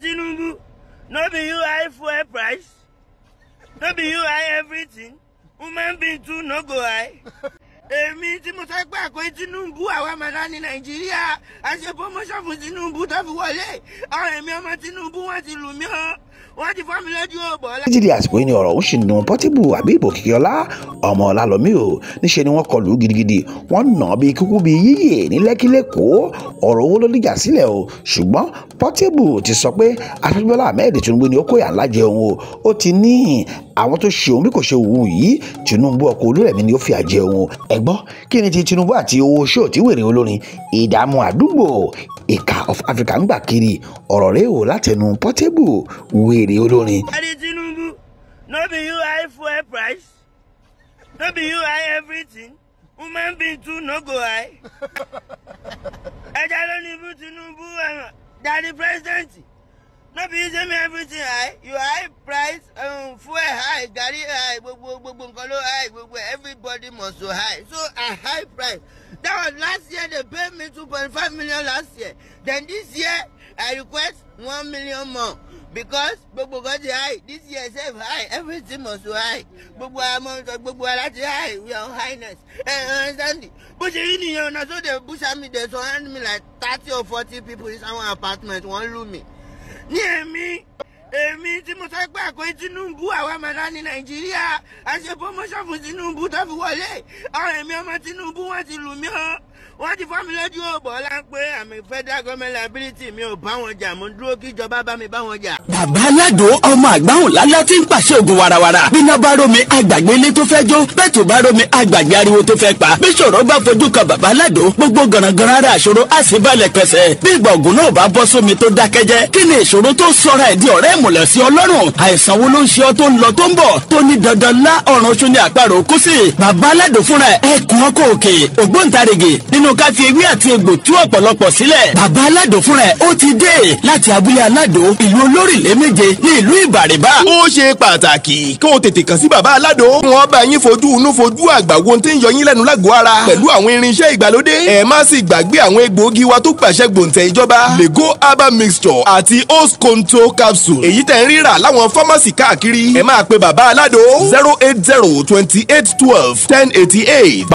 be Tinubu. No be you high fuel price. No be you high everything. Woman being too no go high. Èmi tí mo fẹ́ gbà pé Tinubu àwa màdá ní Nàìjíríà a ṣe promotion fún Tinubu tó fi wọlé àwọn èmi ọmọ Tinubu wọ́n ti lù mí ọ́ wọ́n ti fọ́ mi lójú ọ̀bọ̀. títí di àsìkò yìí ni ọ̀rọ̀ ó sì nu Pọ́tébù Àbíbò Kìkíọ́lá ọmọ Ọlálọ́mí o níṣẹ́ ni wọ́n kọlù gidigidi wọ́n nà bíi kúkú bíi yíyè ní Lẹ́kí ọ̀rọ̀ owó ló dìjà sílẹ̀ o ṣùgbọ́n Portable ti sọ pé aṣojú Bọ́lá Ahmed Tinubu ni ó kó ìyànlá jẹ òun o ó ti ní àwọn tó ṣe òun bí kò ṣe wù yìí Tinubu ọkọ Olúrẹ̀mí ni ó fi àjẹ òun ẹ gbọ́ kí ni ti Tinubu àti owó ṣó tí wèrè olórin ìdààmú àdúgbò ìka of Africa ń gbà kiri ọ̀rọ̀ rẹ̀ ò látẹnu Portable wèrè olórin. ẹni Tinubu no be you high fuel price no be you high everything woman being too no go high ẹja ló ní ibú Tinubu ẹ̀wọ̀n that the president no be say me everything high you high price um, fuel high garri high gbogbo gbogbo nkan ló high gbogbo everybody must go high so i high price that was last year they pay me two point five million last year then this year I request one million more because gbogbo kan ti high this year sef high everything must be high gbogbo amọ sọ gbogbo ara ti high we are highness ẹ ẹ understand bó ṣe rí nìyẹn na so dey push me, dey surround me like thirty or forty people in some apartment wọn lù mí ní èmi èmi tí mo sọ pé àkóyí Tinubu àwa màdá ní Nàìjíríà àṣẹ promotion fún Tinubu tó fi wọlé àwọn èmi ọmọ Tinubu wọn ti lù mí o wọ́n ti fọ́ mi lójú òbọ̀ láńpẹ́ àmì federal government liability mi ò bá wọn jà mo dúró kí ìjọba bá mi bá wọn jà. bàbá aládùn ọmọ àgbáhùn lálá tí ń pàṣẹ ògùn warawara bíná bá romi àgbàgbé ilé tó fẹ́ jó bẹ́ẹ̀ tó bá romi àgbàgbé ariwo tó fẹ́ pa bí ṣòro bá fojú kan bàbá aládùn gbogbo gànàgànà ara àṣòro á sì balẹ̀ pẹ̀sẹ̀ bí ìgbà náà bá bọ́ sómi tó dákẹ́jẹ́ kí ni ìṣòro tó sọra nínú ká fi ewé àti egbò tú ọ̀pọ̀lọpọ̀ sílẹ̀. bàbá aládò fúnra ẹ̀ ó ti dé láti abúlé aládò ìlú olórílẹ̀ méje ní ìlú ìbàrìbà. ó ṣe pàtàkì kí o tètè kàn sí bàbá aládò. wọn bá yín fojú inú fojú àgbà wo tí ń yọ yín lẹ́nu lágọ̀ọ́ ara pẹ̀lú àwọn irinṣẹ́ ìgbàlódé. ẹ má sì gbàgbé àwọn egbòogi wa tó gbàṣẹ gbòǹtẹ̀ ìjọba lego herbal mixture àti host control capsule. èyí tẹ̀ ń rírà láwọn fámásì káàkiri. ẹ máa pe bàbá aládò zero eight zero twenty eight twelve ten eighty eight.